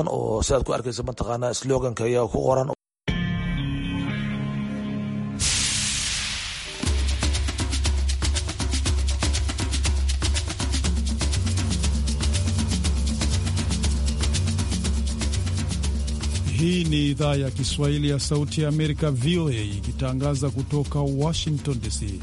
oo sidaad ku arkaysa mataqaana sloganka ayaa ku qoran Hii ni idhaa ya Kiswahili ya Sauti ya Amerika, VOA, ikitangaza kutoka Washington DC.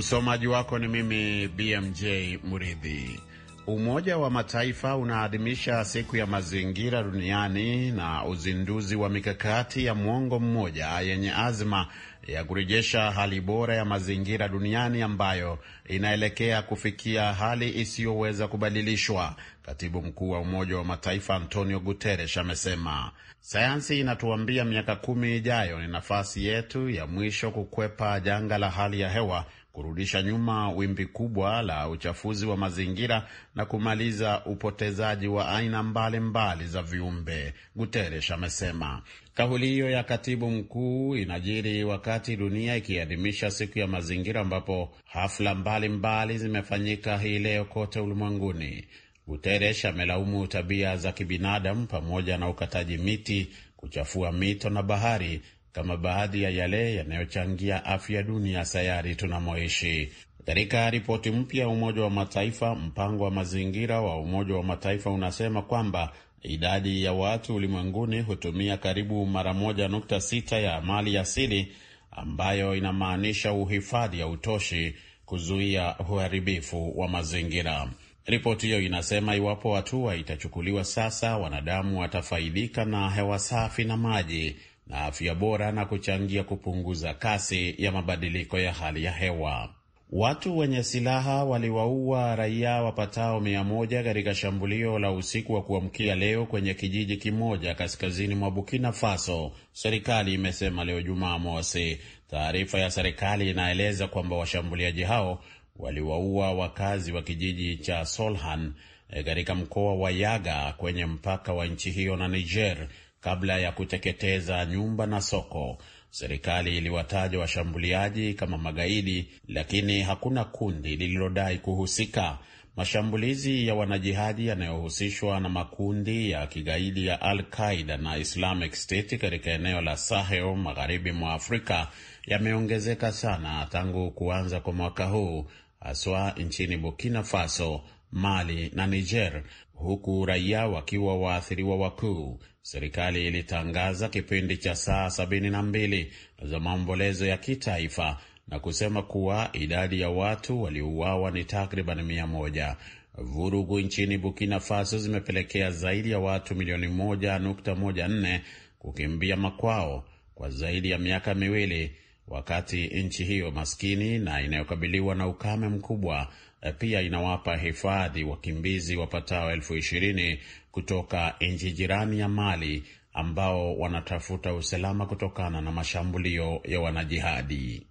Msomaji wako ni mimi BMJ Muridhi. Umoja wa Mataifa unaadhimisha siku ya mazingira duniani na uzinduzi wa mikakati ya mwongo mmoja yenye azma ya kurejesha hali bora ya mazingira duniani ambayo inaelekea kufikia hali isiyoweza kubadilishwa. Katibu mkuu wa Umoja wa Mataifa Antonio Guterres amesema sayansi inatuambia miaka kumi ijayo ni nafasi yetu ya mwisho kukwepa janga la hali ya hewa kurudisha nyuma wimbi kubwa la uchafuzi wa mazingira na kumaliza upotezaji wa aina mbalimbali mbali za viumbe, Guterres amesema. Kauli hiyo ya katibu mkuu inajiri wakati dunia ikiadhimisha siku ya mazingira, ambapo hafla mbalimbali mbali zimefanyika hii leo kote ulimwenguni. Guterres amelaumu tabia za kibinadamu pamoja na ukataji miti, kuchafua mito na bahari kama baadhi ya yale yanayochangia afya duni ya sayari tunamoishi. Katika ripoti mpya ya Umoja wa Mataifa, mpango wa mazingira wa Umoja wa Mataifa unasema kwamba idadi ya watu ulimwenguni hutumia karibu mara moja nukta sita ya mali asili, ambayo inamaanisha uhifadhi ya utoshi kuzuia uharibifu wa mazingira. Ripoti hiyo inasema iwapo hatua itachukuliwa sasa, wanadamu watafaidika na hewa safi na maji na afya bora na kuchangia kupunguza kasi ya mabadiliko ya hali ya hewa. Watu wenye silaha waliwaua raia wapatao mia moja katika shambulio la usiku wa kuamkia leo kwenye kijiji kimoja kaskazini mwa Burkina Faso, serikali imesema leo Jumamosi. Taarifa ya serikali inaeleza kwamba washambuliaji hao waliwaua wakazi wa kijiji cha Solhan eh, katika mkoa wa Yaga kwenye mpaka wa nchi hiyo na Niger kabla ya kuteketeza nyumba na soko. Serikali iliwataja washambuliaji kama magaidi, lakini hakuna kundi lililodai kuhusika. Mashambulizi ya wanajihadi yanayohusishwa na makundi ya kigaidi ya Al Qaida na Islamic State katika eneo la Sahel magharibi mwa Afrika yameongezeka sana tangu kuanza kwa mwaka huu, haswa nchini Burkina Faso, Mali na Niger, huku raia wakiwa waathiriwa wakuu. Serikali ilitangaza kipindi cha saa sabini na mbili za maombolezo ya kitaifa na kusema kuwa idadi ya watu waliouawa ni takriban mia moja. Vurugu nchini Burkina Faso zimepelekea zaidi ya watu milioni moja nukta moja nne kukimbia makwao kwa zaidi ya miaka miwili, wakati nchi hiyo maskini na inayokabiliwa na ukame mkubwa Eh, pia inawapa hifadhi wakimbizi wapatao elfu ishirini kutoka nchi jirani ya Mali ambao wanatafuta usalama kutokana na mashambulio ya wanajihadi.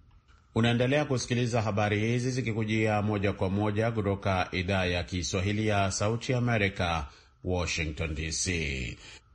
Unaendelea kusikiliza habari hizi zikikujia moja kwa moja kutoka idhaa ya Kiswahili ya Sauti Amerika, Washington DC.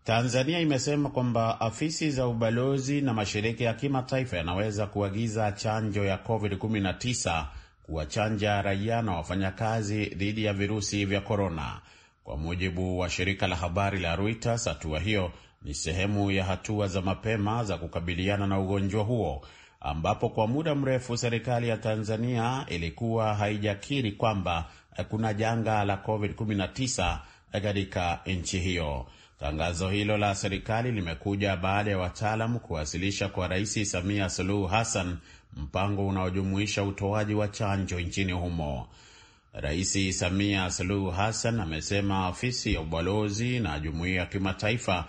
Tanzania imesema kwamba afisi za ubalozi na mashirika ya kimataifa yanaweza kuagiza chanjo ya COVID-19 kuwachanja raia na wafanyakazi dhidi ya virusi vya korona. Kwa mujibu wa shirika la habari la Reuters, hatua hiyo ni sehemu ya hatua za mapema za kukabiliana na ugonjwa huo ambapo kwa muda mrefu serikali ya Tanzania ilikuwa haijakiri kwamba kuna janga la COVID-19 katika nchi hiyo. Tangazo hilo la serikali limekuja baada ya wataalamu kuwasilisha kwa Rais Samia Suluhu Hassan mpango unaojumuisha utoaji wa chanjo nchini humo. Rais Samia Suluhu Hassan amesema afisi ya ubalozi na jumuiya ya kimataifa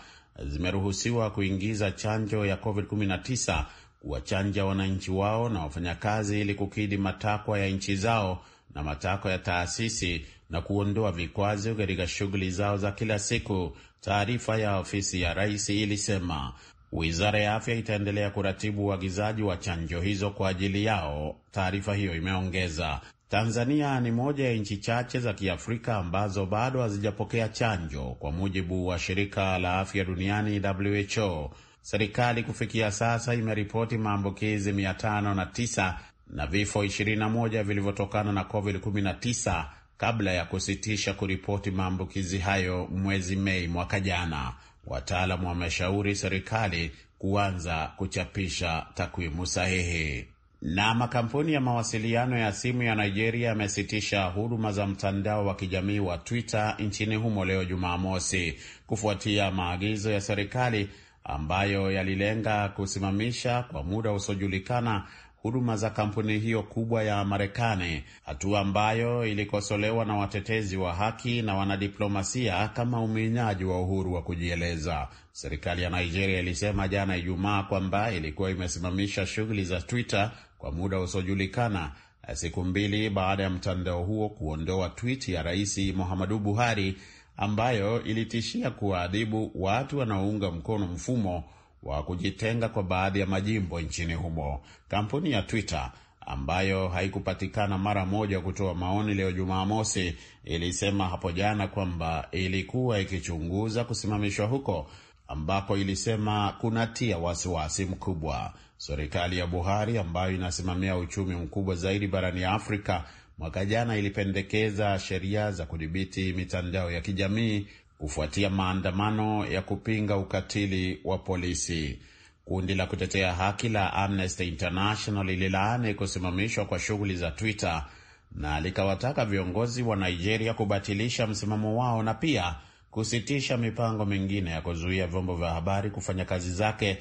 zimeruhusiwa kuingiza chanjo ya COVID-19 kuwachanja wananchi wao na wafanyakazi ili kukidhi matakwa ya nchi zao na matakwa ya taasisi na kuondoa vikwazo katika shughuli zao za kila siku. Taarifa ya ofisi ya rais ilisema Wizara ya afya itaendelea kuratibu uagizaji wa, wa chanjo hizo kwa ajili yao, taarifa hiyo imeongeza. Tanzania ni moja ya nchi chache za Kiafrika ambazo bado hazijapokea chanjo, kwa mujibu wa shirika la afya duniani WHO. Serikali kufikia sasa imeripoti maambukizi 509 na vifo 21 vilivyotokana na COVID-19 kabla ya kusitisha kuripoti maambukizi hayo mwezi Mei mwaka jana. Wataalamu wameshauri serikali kuanza kuchapisha takwimu sahihi. Na makampuni ya mawasiliano ya simu ya Nigeria yamesitisha huduma za mtandao wa kijamii wa Twitter nchini humo leo Jumamosi, kufuatia maagizo ya serikali ambayo yalilenga kusimamisha kwa muda usiojulikana huduma za kampuni hiyo kubwa ya Marekani, hatua ambayo ilikosolewa na watetezi wa haki na wanadiplomasia kama uminyaji wa uhuru wa kujieleza. Serikali ya Nigeria ilisema jana Ijumaa kwamba ilikuwa imesimamisha shughuli za Twitter kwa muda usiojulikana eh, siku mbili baada ya mtandao huo kuondoa twiti ya Rais Muhammadu Buhari ambayo ilitishia kuwaadhibu watu wanaounga mkono mfumo wa kujitenga kwa baadhi ya majimbo nchini humo. Kampuni ya Twitter ambayo haikupatikana mara moja kutoa maoni leo Jumamosi ilisema hapo jana kwamba ilikuwa ikichunguza kusimamishwa huko ambako ilisema kunatia wasiwasi mkubwa. Serikali ya Buhari ambayo inasimamia uchumi mkubwa zaidi barani ya Afrika mwaka jana ilipendekeza sheria za kudhibiti mitandao ya kijamii kufuatia maandamano ya kupinga ukatili wa polisi. Kundi la kutetea haki la Amnesty International lililaani kusimamishwa kwa shughuli za Twitter na likawataka viongozi wa Nigeria kubatilisha msimamo wao na pia kusitisha mipango mingine ya kuzuia vyombo vya habari kufanya kazi zake,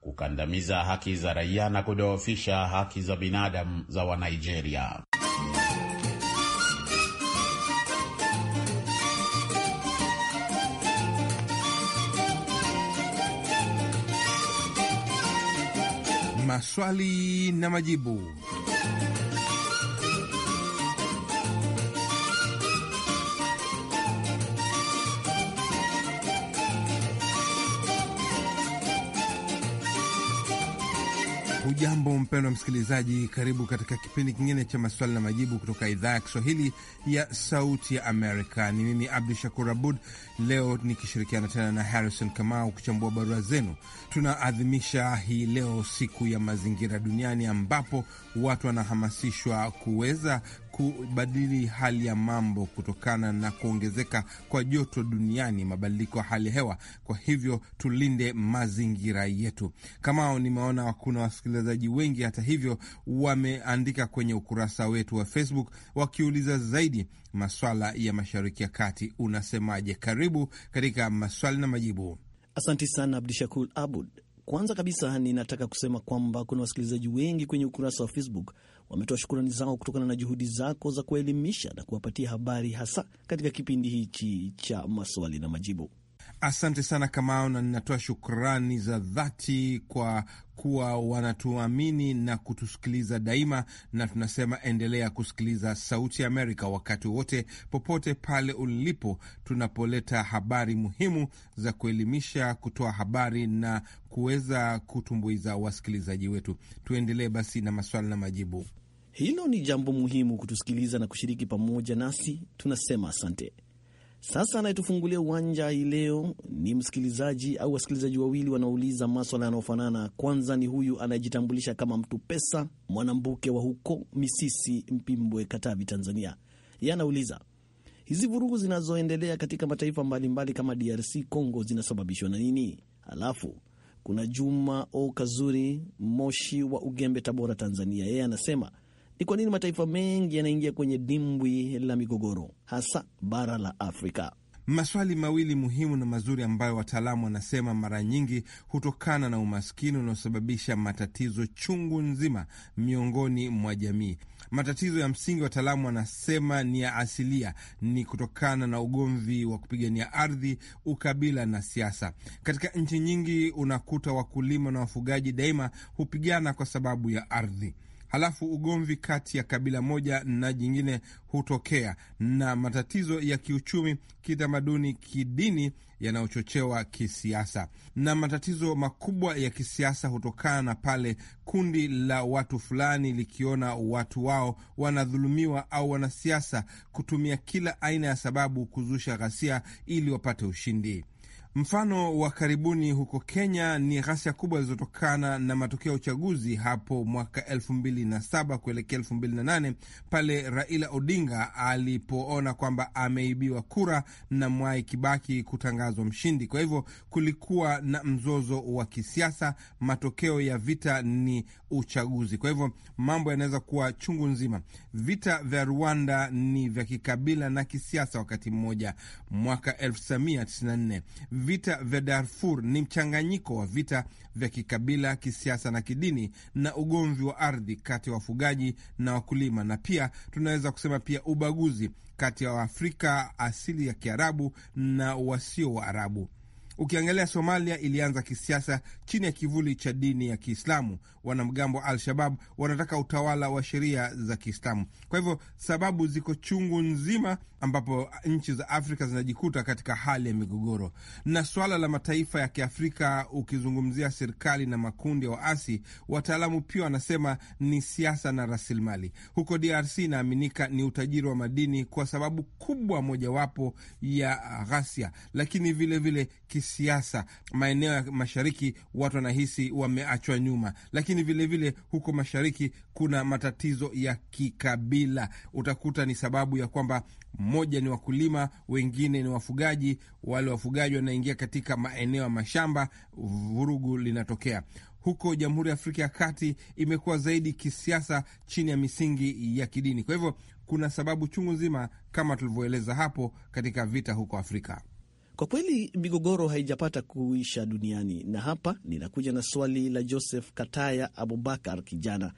kukandamiza haki za raia na kudhoofisha haki za binadamu za Wanigeria. maswali na majibu. Hujambo mpendwa msikilizaji, karibu katika kipindi kingine cha maswali na majibu kutoka idhaa ya Kiswahili ya Sauti ya Amerika. Ni mimi Abdu Shakur Abud, leo nikishirikiana tena na Harrison Kamau kuchambua barua zenu. Tunaadhimisha hii leo siku ya mazingira duniani, ambapo watu wanahamasishwa kuweza kubadili hali ya mambo kutokana na kuongezeka kwa joto duniani, mabadiliko ya hali ya hewa. Kwa hivyo tulinde mazingira yetu. kama nimeona kuna wasikilizaji wengi hata hivyo wameandika kwenye ukurasa wetu wa Facebook wakiuliza zaidi maswala ya Mashariki ya Kati. Unasemaje? Karibu katika maswali na majibu. Asanti sana Abdishakur Abud. Kwanza kabisa ninataka kusema kwamba kuna wasikilizaji wengi kwenye ukurasa wa Facebook wametoa shukrani zao kutokana na juhudi zako za kuwaelimisha na kuwapatia habari hasa katika kipindi hichi cha maswali na majibu. Asante sana Kamao, na ninatoa shukrani za dhati kwa kuwa wanatuamini na kutusikiliza daima, na tunasema endelea kusikiliza Sauti ya Amerika wakati wote, popote pale ulipo, tunapoleta habari muhimu za kuelimisha, kutoa habari na kuweza kutumbuiza wasikilizaji wetu. Tuendelee basi na maswali na majibu. Hilo ni jambo muhimu, kutusikiliza na kushiriki pamoja nasi. Tunasema asante. Sasa anayetufungulia uwanja hii leo ni msikilizaji au wasikilizaji wawili wanaouliza maswala yanayofanana. Kwanza ni huyu anayejitambulisha kama mtu pesa Mwanambuke wa huko Misisi, Mpimbwe, Katavi, Tanzania. Yeye anauliza hizi vurugu zinazoendelea katika mataifa mbalimbali kama DRC Congo zinasababishwa na nini? Alafu kuna Juma O Kazuri Moshi wa Ugembe, Tabora, Tanzania. Yeye anasema ni kwa nini mataifa mengi yanaingia kwenye dimbwi la migogoro, hasa bara la Afrika? Maswali mawili muhimu na mazuri ambayo wataalamu wanasema mara nyingi hutokana na umaskini unaosababisha matatizo chungu nzima miongoni mwa jamii. Matatizo ya msingi wataalamu wanasema ni ya asilia, ni kutokana na ugomvi wa kupigania ardhi, ukabila na siasa. Katika nchi nyingi unakuta wakulima na wafugaji daima hupigana kwa sababu ya ardhi halafu ugomvi kati ya kabila moja na jingine hutokea, na matatizo ya kiuchumi, kitamaduni, kidini yanayochochewa kisiasa, na matatizo makubwa ya kisiasa hutokana na pale kundi la watu fulani likiona watu wao wanadhulumiwa au wanasiasa kutumia kila aina ya sababu kuzusha ghasia ili wapate ushindi. Mfano wa karibuni huko Kenya ni ghasia kubwa zilizotokana na matokeo ya uchaguzi hapo mwaka 27 kuelekea 28 pale Raila Odinga alipoona kwamba ameibiwa kura na Mwai Kibaki kutangazwa mshindi. Kwa hivyo kulikuwa na mzozo wa kisiasa, matokeo ya vita ni uchaguzi. Kwa hivyo mambo yanaweza kuwa chungu nzima. Vita vya Rwanda ni vya kikabila na kisiasa wakati mmoja, mwaka 1994 vita vya Darfur ni mchanganyiko wa vita vya kikabila, kisiasa na kidini na ugomvi wa ardhi kati ya wafugaji na wakulima, na pia tunaweza kusema pia ubaguzi kati ya Waafrika asili ya Kiarabu na wasio Waarabu. Ukiangalia Somalia ilianza kisiasa chini ya kivuli cha dini ya Kiislamu. Wanamgambo wa Al-Shabab wanataka utawala wa sheria za Kiislamu. Kwa hivyo sababu ziko chungu nzima, ambapo nchi za Afrika zinajikuta katika hali ya migogoro. Na swala la mataifa ya Kiafrika, ukizungumzia serikali na makundi ya wa waasi, wataalamu pia wanasema ni siasa na rasilimali. Huko DRC inaaminika ni utajiri wa madini kwa sababu kubwa mojawapo ya ghasia, lakini vilevile vile kisiasa, maeneo ya mashariki watu wanahisi wameachwa nyuma, lakini vilevile vile huko mashariki kuna matatizo ya kikabila. Utakuta ni sababu ya kwamba mmoja ni wakulima, wengine ni wafugaji. Wale wafugaji wanaingia katika maeneo ya mashamba, vurugu linatokea huko Jamhuri ya Afrika ya Kati imekuwa zaidi kisiasa chini ya misingi ya kidini. Kwa hivyo kuna sababu chungu nzima kama tulivyoeleza hapo katika vita huko Afrika. Kwa kweli migogoro haijapata kuisha duniani, na hapa ninakuja na swali la Joseph Kataya Abubakar. Kijana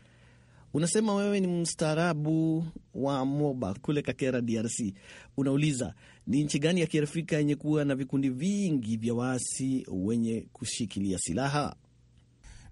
unasema wewe ni mstaarabu wa Moba kule Kakera, DRC. Unauliza, ni nchi gani ya kiafrika yenye kuwa na vikundi vingi vya waasi wenye kushikilia silaha?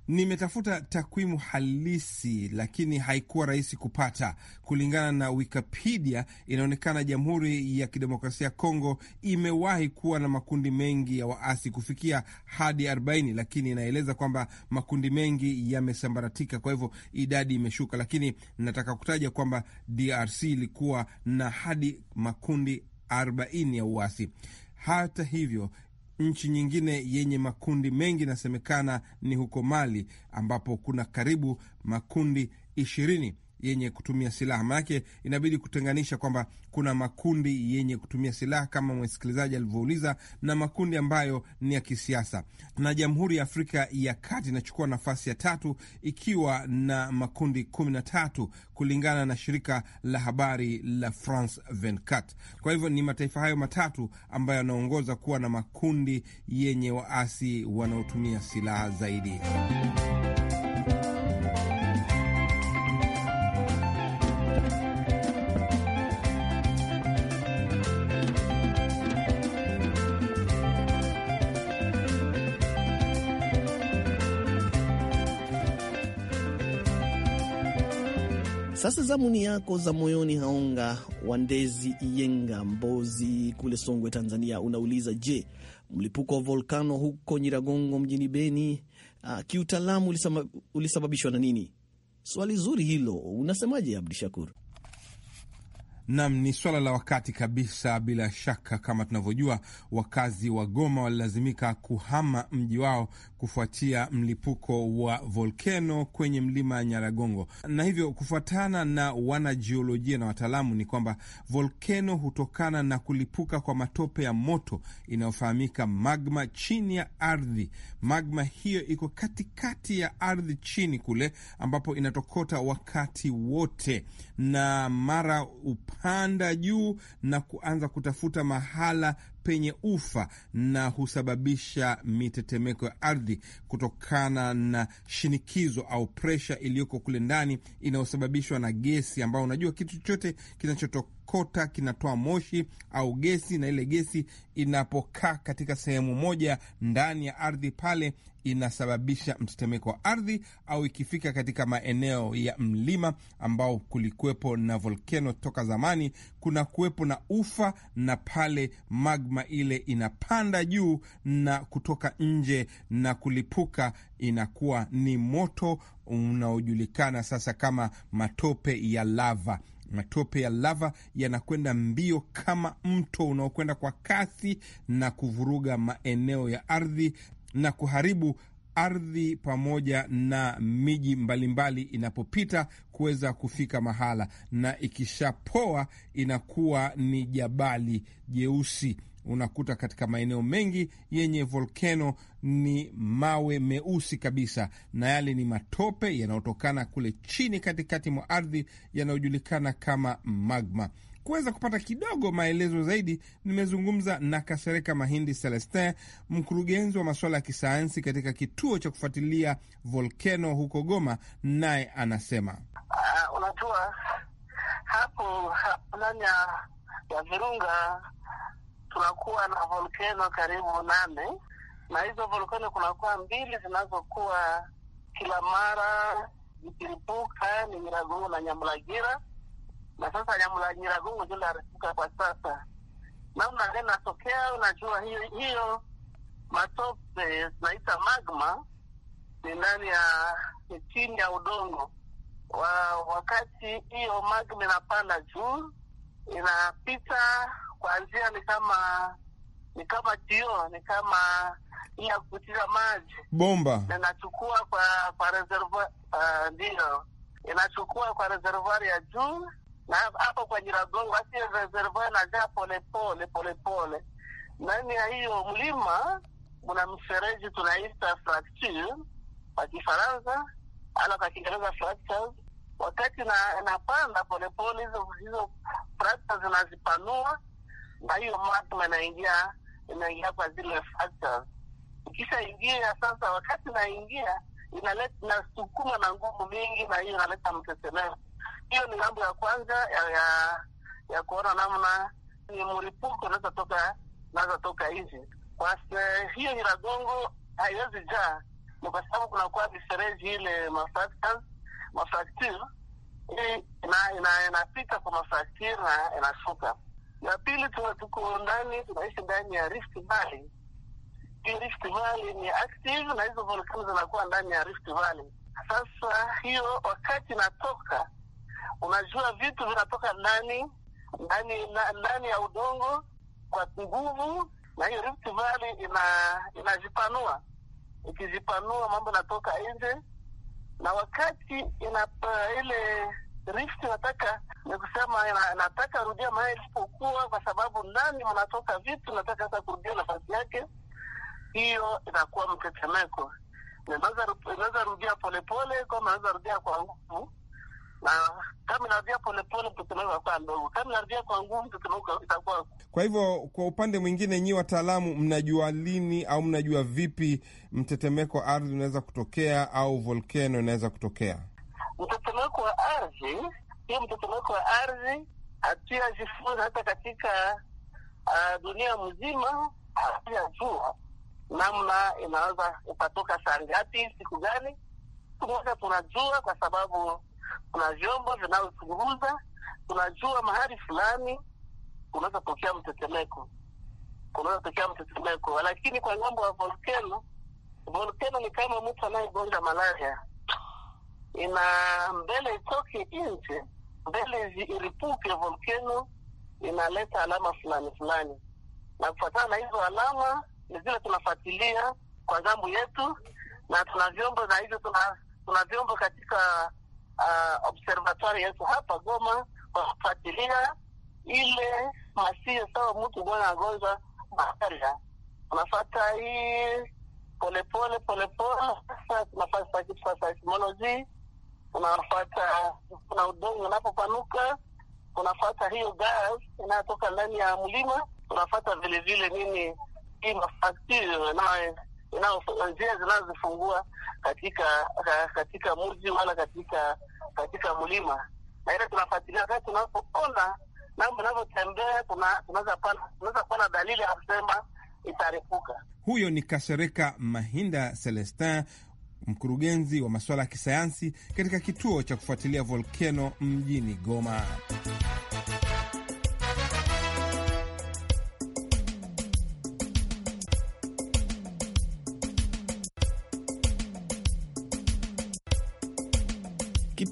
Nimetafuta takwimu halisi lakini haikuwa rahisi kupata. Kulingana na Wikipedia, inaonekana Jamhuri ya Kidemokrasia ya Kongo imewahi kuwa na makundi mengi ya waasi kufikia hadi 40, lakini inaeleza kwamba makundi mengi yamesambaratika, kwa hivyo idadi imeshuka. Lakini nataka kutaja kwamba DRC ilikuwa na hadi makundi 40 ya uasi. Hata hivyo Nchi nyingine yenye makundi mengi inasemekana ni huko Mali ambapo kuna karibu makundi ishirini yenye kutumia silaha. Maanake inabidi kutenganisha kwamba kuna makundi yenye kutumia silaha kama mwesikilizaji alivyouliza, na makundi ambayo ni ya kisiasa. Na Jamhuri ya Afrika ya Kati inachukua nafasi ya tatu ikiwa na makundi kumi na tatu kulingana na shirika la habari la France 24. Kwa hivyo ni mataifa hayo matatu ambayo yanaongoza kuwa na makundi yenye waasi wanaotumia silaha zaidi. Sasa zamu ni yako za moyoni. Haonga Wandezi Iyenga, Mbozi kule Songwe, Tanzania, unauliza je, mlipuko wa volkano huko Nyiragongo mjini Beni uh, kiutaalamu ulisababishwa na nini? Swali zuri hilo, unasemaje Abdishakur? Nam, ni swala la wakati kabisa. Bila shaka, kama tunavyojua, wakazi wa Goma walilazimika kuhama mji wao kufuatia mlipuko wa volkeno kwenye mlima Nyaragongo, na hivyo kufuatana na wanajiolojia na wataalamu ni kwamba volkeno hutokana na kulipuka kwa matope ya moto inayofahamika magma chini ya ardhi. Magma hiyo iko katikati ya ardhi chini kule, ambapo inatokota wakati wote na mara upanda juu na kuanza kutafuta mahala penye ufa na husababisha mitetemeko ya ardhi kutokana na shinikizo au presha iliyoko kule ndani inayosababishwa na gesi, ambayo unajua kitu chochote kinachotokota kinatoa moshi au gesi, na ile gesi inapokaa katika sehemu moja ndani ya ardhi pale inasababisha mtetemeko wa ardhi au ikifika katika maeneo ya mlima ambao kulikuwepo na volkeno toka zamani, kuna kuwepo na ufa, na pale magma ile inapanda juu na kutoka nje na kulipuka, inakuwa ni moto unaojulikana sasa kama matope ya lava. Matope ya lava yanakwenda mbio kama mto unaokwenda kwa kasi na kuvuruga maeneo ya ardhi na kuharibu ardhi pamoja na miji mbalimbali inapopita kuweza kufika mahala, na ikishapoa inakuwa ni jabali jeusi. Unakuta katika maeneo mengi yenye volkeno ni mawe meusi kabisa, na yale ni matope yanayotokana kule chini katikati mwa ardhi yanayojulikana kama magma kuweza kupata kidogo maelezo zaidi, nimezungumza na Kasereka Mahindi Celestin, mkurugenzi wa masuala ya kisayansi katika kituo cha kufuatilia volkeno huko Goma, naye anasema uh, unajua hapo ndani ya Virunga tunakuwa na volkeno karibu nane, na hizo volkeno kunakuwa mbili zinazokuwa kila mara ikiripuka ni Nyiragongo na Nyamulagira na sasa Nyiragongo ndio inaripuka kwa sasa, namna gani natokea. Unajua hiyo hiyo matope zinaita magma ni ndani ya chini ya udongo wa, wakati hiyo magma inapanda juu inapita kuanzia ni kama ni kama tio ni kama ya kupitiza maji bomba, inachukua kwa kwa reservoir, ah, ndio inachukua kwa reservoir ya juu na hapo kwa Nyiragongo, basi reservoir inajaa polepole polepole. Ndani ya hiyo mlima kuna mfereji tunaita fracture kwa Kifaransa ala kwa Kiingereza fractures. Wakati na napanda polepole, hizo hizo fractures zinazipanua na hiyo magma inaingia inaingia kwa zile fractures. Ikisha ingia sasa, wakati naingia inaleta na sukuma na nguvu mingi, na hiyo inaleta mtetemeko hiyo ni mambo ya kwanza ya, ya, ya kuona namna ni mlipuko unaweza toka unaweza toka hizi kwa hiyo Nyiragongo haiwezi jaa, ni kwa sababu kunakuwa mifereji ile mafaktir mafracture ina inapita kwa mafaktir na inashuka. Ya pili, tuko ndani tunaishi ndani ya Rift Valley. Hii Rift Valley ni active na hizo volkano zinakuwa ndani ya Rift Valley. Sasa hiyo wakati inatoka Unajua vitu vinatoka ndani ndani ndani ya udongo kwa nguvu, na hiyo Rift Valley ina inajipanua. Ikijipanua mambo natoka nje, na wakati inapa, eh, ile Rift nataka ni kusema nataka rudia mahali ilipokuwa, kwa sababu ndani mnatoka vitu, nataka hata kurudia nafasi yake, hiyo inakuwa mtetemeko. Inaweza rudia polepole, kama inaweza rudia kwa nguvu na kama inavia polepole mtoto unaweza ndogo, kama inavia kwa nguvu mtoto itakuwa. Kwa hivyo, kwa upande mwingine, nyi wataalamu, mnajua lini au mnajua vipi mtetemeko wa ardhi unaweza kutokea au volkeno inaweza kutokea? Mtetemeko wa ardhi, hiyo mtetemeko wa ardhi hatuyajifunza hata katika uh, dunia mzima, hatuya jua namna inaweza ikatoka saa ngapi, siku gani. tumoja tunajua kwa sababu kuna vyombo vinavyochunguza, tunajua mahali fulani kunaweza tokea mtetemeko, kunaweza tokea mtetemeko. Lakini kwa ngambo ya volkeno, volkeno ni kama mtu anayegonja malaria, ina mbele itoke nje, mbele iripuke, volkeno inaleta alama fulani fulani, na kufuatana na hizo alama ni zile tunafuatilia kwa ngambo yetu, na tuna vyombo na hivyo tuna, tuna vyombo katika uh, observatory yetu hapa Goma kwa kufuatilia ile masio sawa mtu bwana agonjwa malaria, unafata hii polepole polepole, unafata kitu kwa seismology, unafata kuna udongo unapopanuka, unafata hiyo gas inayotoka ndani ya mlima, unafata vilevile nini hii mafaktio nayo njia zinazofungua katika katika mji wala katika katika mlima, na ile tunafuatilia wakati tunapoona nambo inavyotembea, tunaweza pana dalili ya kusema itarefuka. Huyo ni Kasereka Mahinda Celestin, mkurugenzi wa masuala ya kisayansi katika kituo cha kufuatilia volkeno mjini Goma.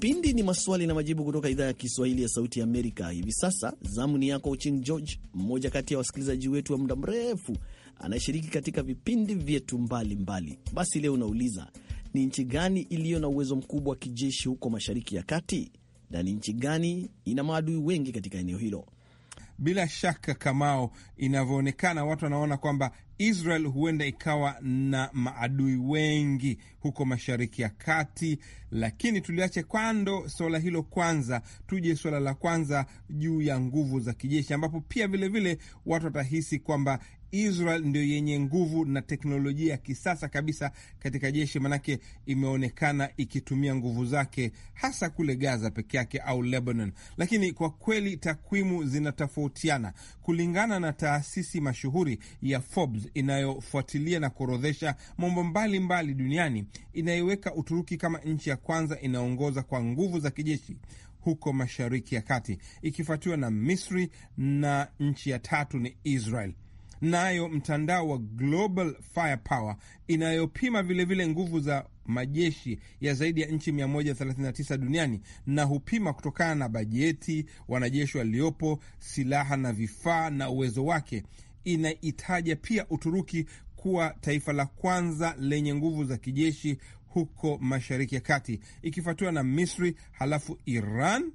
Kipindi ni maswali na majibu kutoka idhaa ya Kiswahili ya Sauti ya Amerika. Hivi sasa zamu ni yako Uchin George, mmoja kati ya wasikilizaji wetu wa muda mrefu anayeshiriki katika vipindi vyetu mbalimbali mbali. Basi leo unauliza ni nchi gani iliyo na uwezo mkubwa wa kijeshi huko Mashariki ya Kati na ni nchi gani ina maadui wengi katika eneo hilo? Bila shaka, Kamao, inavyoonekana watu wanaona kwamba Israel huenda ikawa na maadui wengi huko Mashariki ya Kati, lakini tuliache kando suala hilo kwanza, tuje suala la kwanza juu ya nguvu za kijeshi, ambapo pia vilevile vile watu watahisi kwamba Israel ndio yenye nguvu na teknolojia ya kisasa kabisa katika jeshi, manake imeonekana ikitumia nguvu zake hasa kule Gaza peke yake au Lebanon. Lakini kwa kweli takwimu zinatofautiana kulingana na taasisi mashuhuri ya Forbes inayofuatilia na kuorodhesha mambo mbalimbali duniani, inaiweka Uturuki kama nchi ya kwanza inaongoza kwa nguvu za kijeshi huko Mashariki ya Kati, ikifuatiwa na Misri na nchi ya tatu ni Israel nayo mtandao wa Global Firepower inayopima vilevile vile nguvu za majeshi ya zaidi ya nchi 139 duniani na hupima kutokana na bajeti, wanajeshi waliopo, silaha na vifaa na uwezo wake. Inaitaja pia Uturuki kuwa taifa la kwanza lenye nguvu za kijeshi huko Mashariki ya Kati, ikifuatiwa na Misri, halafu Iran,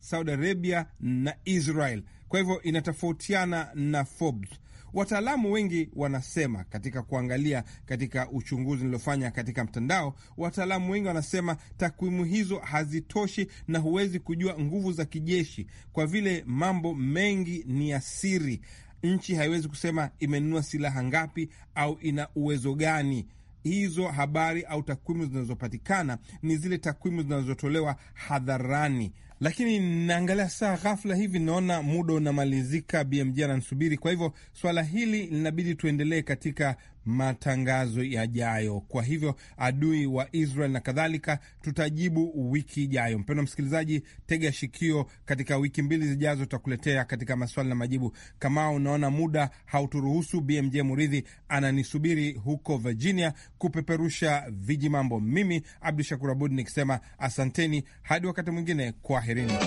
Saudi Arabia na Israel. Kwa hivyo inatofautiana na Forbes. Wataalamu wengi wanasema katika kuangalia katika uchunguzi niliofanya katika mtandao, wataalamu wengi wanasema takwimu hizo hazitoshi na huwezi kujua nguvu za kijeshi, kwa vile mambo mengi ni ya siri. Nchi haiwezi kusema imenunua silaha ngapi au ina uwezo gani. Hizo habari au takwimu zinazopatikana ni zile takwimu zinazotolewa hadharani lakini naangalia saa ghafla hivi, naona muda unamalizika, BMJ anansubiri Kwa hivyo swala hili linabidi tuendelee katika matangazo yajayo. Kwa hivyo adui wa Israel na kadhalika tutajibu wiki ijayo. Mpendwa msikilizaji, tega shikio, katika wiki mbili zijazo tutakuletea katika maswali na majibu. Kama unaona muda hauturuhusu, BMJ Muridhi ananisubiri huko Virginia kupeperusha viji mambo. Mimi Abdu Shakur Abud nikisema asanteni hadi wakati mwingine, kwa kwaherini.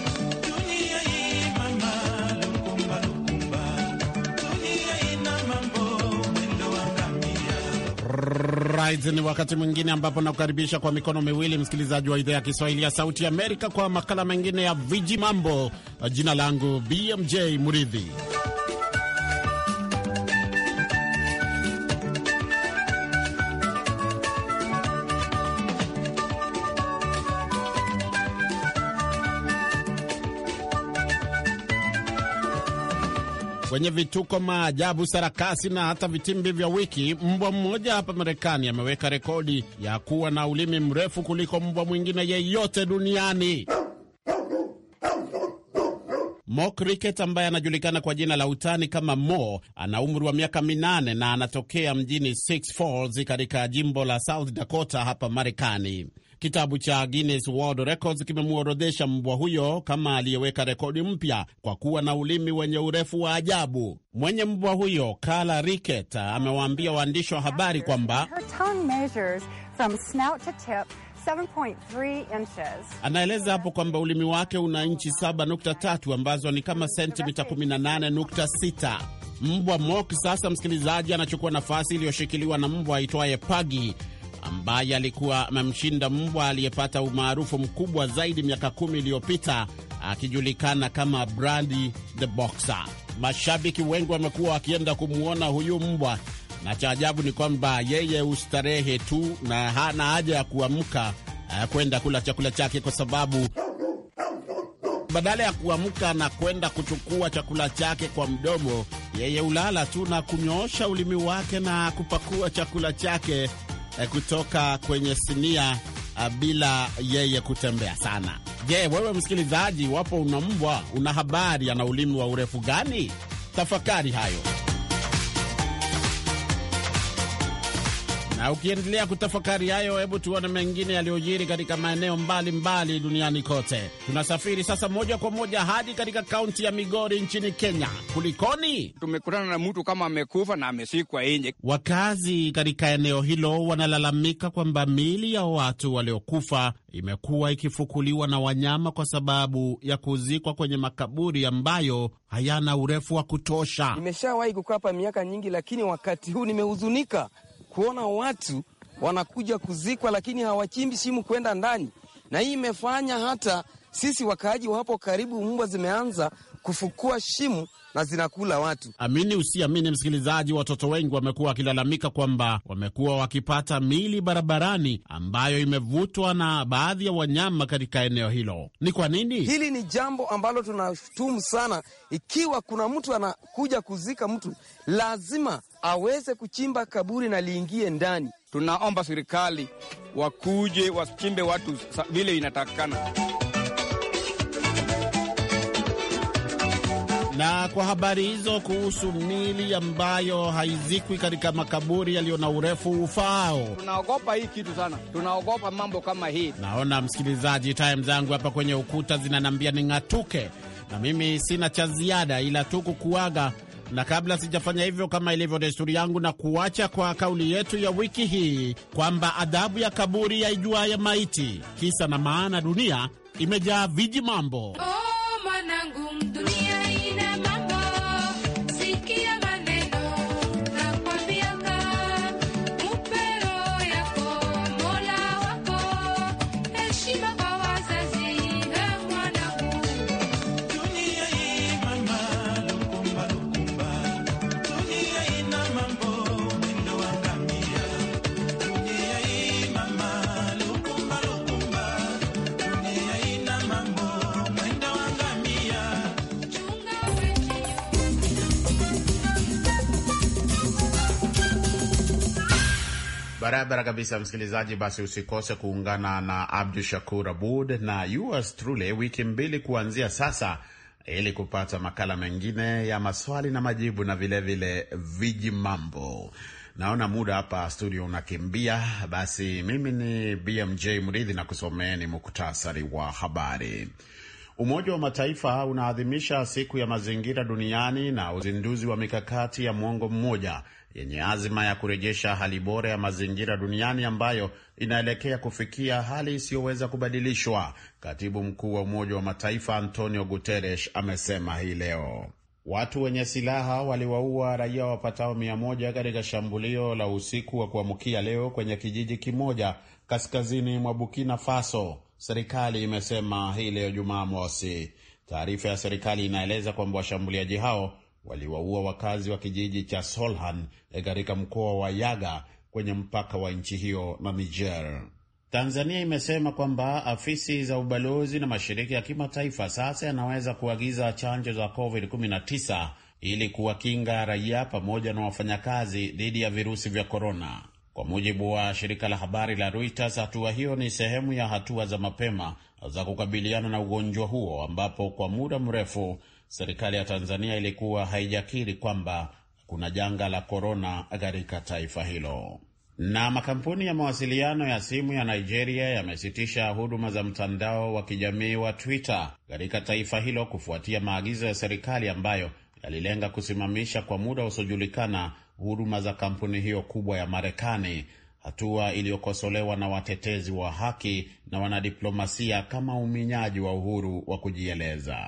Right, ni wakati mwingine ambapo nakukaribisha kwa mikono miwili msikilizaji wa idhaa ya Kiswahili ya Sauti Amerika kwa makala mengine ya Viji Mambo. Jina langu BMJ Muridhi. Kwenye vituko, maajabu, sarakasi na hata vitimbi vya wiki, mbwa mmoja hapa Marekani ameweka rekodi ya kuwa na ulimi mrefu kuliko mbwa mwingine yeyote duniani. Mo Cricket ambaye anajulikana kwa jina la utani kama Mo ana umri wa miaka minane na anatokea mjini Sioux Falls katika jimbo la South Dakota hapa Marekani. Kitabu cha Guinness World Records kimemworodhesha mbwa huyo kama aliyeweka rekodi mpya kwa kuwa na ulimi wenye urefu wa ajabu. Mwenye mbwa huyo Kala riket amewaambia waandishi wa habari kwamba anaeleza hapo kwamba ulimi wake una inchi 7.3 ambazo ni kama sentimita 18.6. Mbwa Mok sasa, msikilizaji, anachukua nafasi iliyoshikiliwa na mbwa aitwaye Pagi ambaye alikuwa amemshinda mbwa aliyepata umaarufu mkubwa zaidi miaka kumi iliyopita akijulikana kama Brandi the Boxer. Mashabiki wengi wamekuwa wakienda kumwona huyu mbwa, na cha ajabu ni kwamba yeye ustarehe tu na hana haja ya kuamka eh, kwenda kula chakula chake kwa sababu badala ya kuamka na kwenda kuchukua chakula chake kwa mdomo, yeye ulala tu na kunyoosha ulimi wake na kupakua chakula chake Eh, kutoka kwenye sinia eh, bila yeye kutembea sana. Je, wewe msikilizaji, iwapo una mbwa, una habari ana ulimi wa urefu gani? Tafakari hayo. Na ukiendelea kutafakari hayo, hebu tuone mengine yaliyojiri katika maeneo mbalimbali duniani kote. Tunasafiri sasa moja kwa moja hadi katika kaunti ya Migori nchini Kenya. Kulikoni? Tumekutana na mtu kama amekufa na amesikwa nje. Wakazi katika eneo hilo wanalalamika kwamba miili ya watu waliokufa imekuwa ikifukuliwa na wanyama kwa sababu ya kuzikwa kwenye makaburi ambayo hayana urefu wa kutosha. Nimeshawahi kukaa hapa miaka nyingi, lakini wakati huu nimehuzunika kuona watu wanakuja kuzikwa, lakini hawachimbi shimu kwenda ndani, na hii imefanya hata sisi wakaaji wa hapo karibu, mbwa zimeanza kufukua shimu na zinakula watu. Amini usiamini, msikilizaji, watoto wengi wamekuwa wakilalamika kwamba wamekuwa wakipata mili barabarani ambayo imevutwa na baadhi ya wanyama katika eneo hilo. Ni kwa nini? Hili ni jambo ambalo tunashutumu sana. Ikiwa kuna mtu anakuja kuzika mtu, lazima aweze kuchimba kaburi na liingie ndani. Tunaomba serikali wakuje wachimbe watu vile inatakikana. Na kwa habari hizo kuhusu mili ambayo haizikwi katika makaburi yaliyo na urefu ufaao, tunaogopa hii kitu sana, tunaogopa mambo kama hii. Naona msikilizaji, time zangu hapa kwenye ukuta zinanambia ning'atuke, na mimi sina cha ziada ila tu kukuaga na kabla sijafanya hivyo, kama ilivyo desturi yangu, na kuacha kwa kauli yetu ya wiki hii kwamba adhabu ya kaburi yaijua ya maiti, kisa na maana dunia imejaa viji mambo. Oh, Barabara kabisa, msikilizaji. Basi usikose kuungana na Abdu Shakur Abud na yours truly wiki mbili kuanzia sasa, ili kupata makala mengine ya maswali na majibu na vilevile viji mambo. Naona muda hapa studio unakimbia, basi mimi ni BMJ Mridhi na kusomeeni muktasari wa habari. Umoja wa Mataifa unaadhimisha siku ya mazingira duniani na uzinduzi wa mikakati ya mwongo mmoja yenye azima ya kurejesha hali bora ya mazingira duniani ambayo inaelekea kufikia hali isiyoweza kubadilishwa, katibu mkuu wa Umoja wa Mataifa Antonio Guterres amesema hii leo. Watu wenye silaha waliwaua raia wapatao mia moja katika shambulio la usiku wa kuamkia leo kwenye kijiji kimoja kaskazini mwa Burkina Faso, serikali imesema hii leo Jumamosi. Taarifa ya serikali inaeleza kwamba washambuliaji hao waliwaua wakazi wa kijiji cha Solhan eh, katika mkoa wa Yaga kwenye mpaka wa nchi hiyo na Niger. Tanzania imesema kwamba afisi za ubalozi na mashirika ya kimataifa sasa yanaweza kuagiza chanjo za COVID-19 ili kuwakinga raia pamoja na wafanyakazi dhidi ya virusi vya korona. Kwa mujibu wa shirika la habari la Reuters, hatua hiyo ni sehemu ya hatua za mapema za kukabiliana na ugonjwa huo ambapo kwa muda mrefu serikali ya Tanzania ilikuwa haijakiri kwamba kuna janga la korona katika taifa hilo. Na makampuni ya mawasiliano ya simu ya Nigeria yamesitisha huduma za mtandao wa kijamii wa Twitter katika taifa hilo kufuatia maagizo ya serikali ambayo yalilenga kusimamisha kwa muda usiojulikana huduma za kampuni hiyo kubwa ya Marekani, hatua iliyokosolewa na watetezi wa haki na wanadiplomasia kama uminyaji wa uhuru wa kujieleza.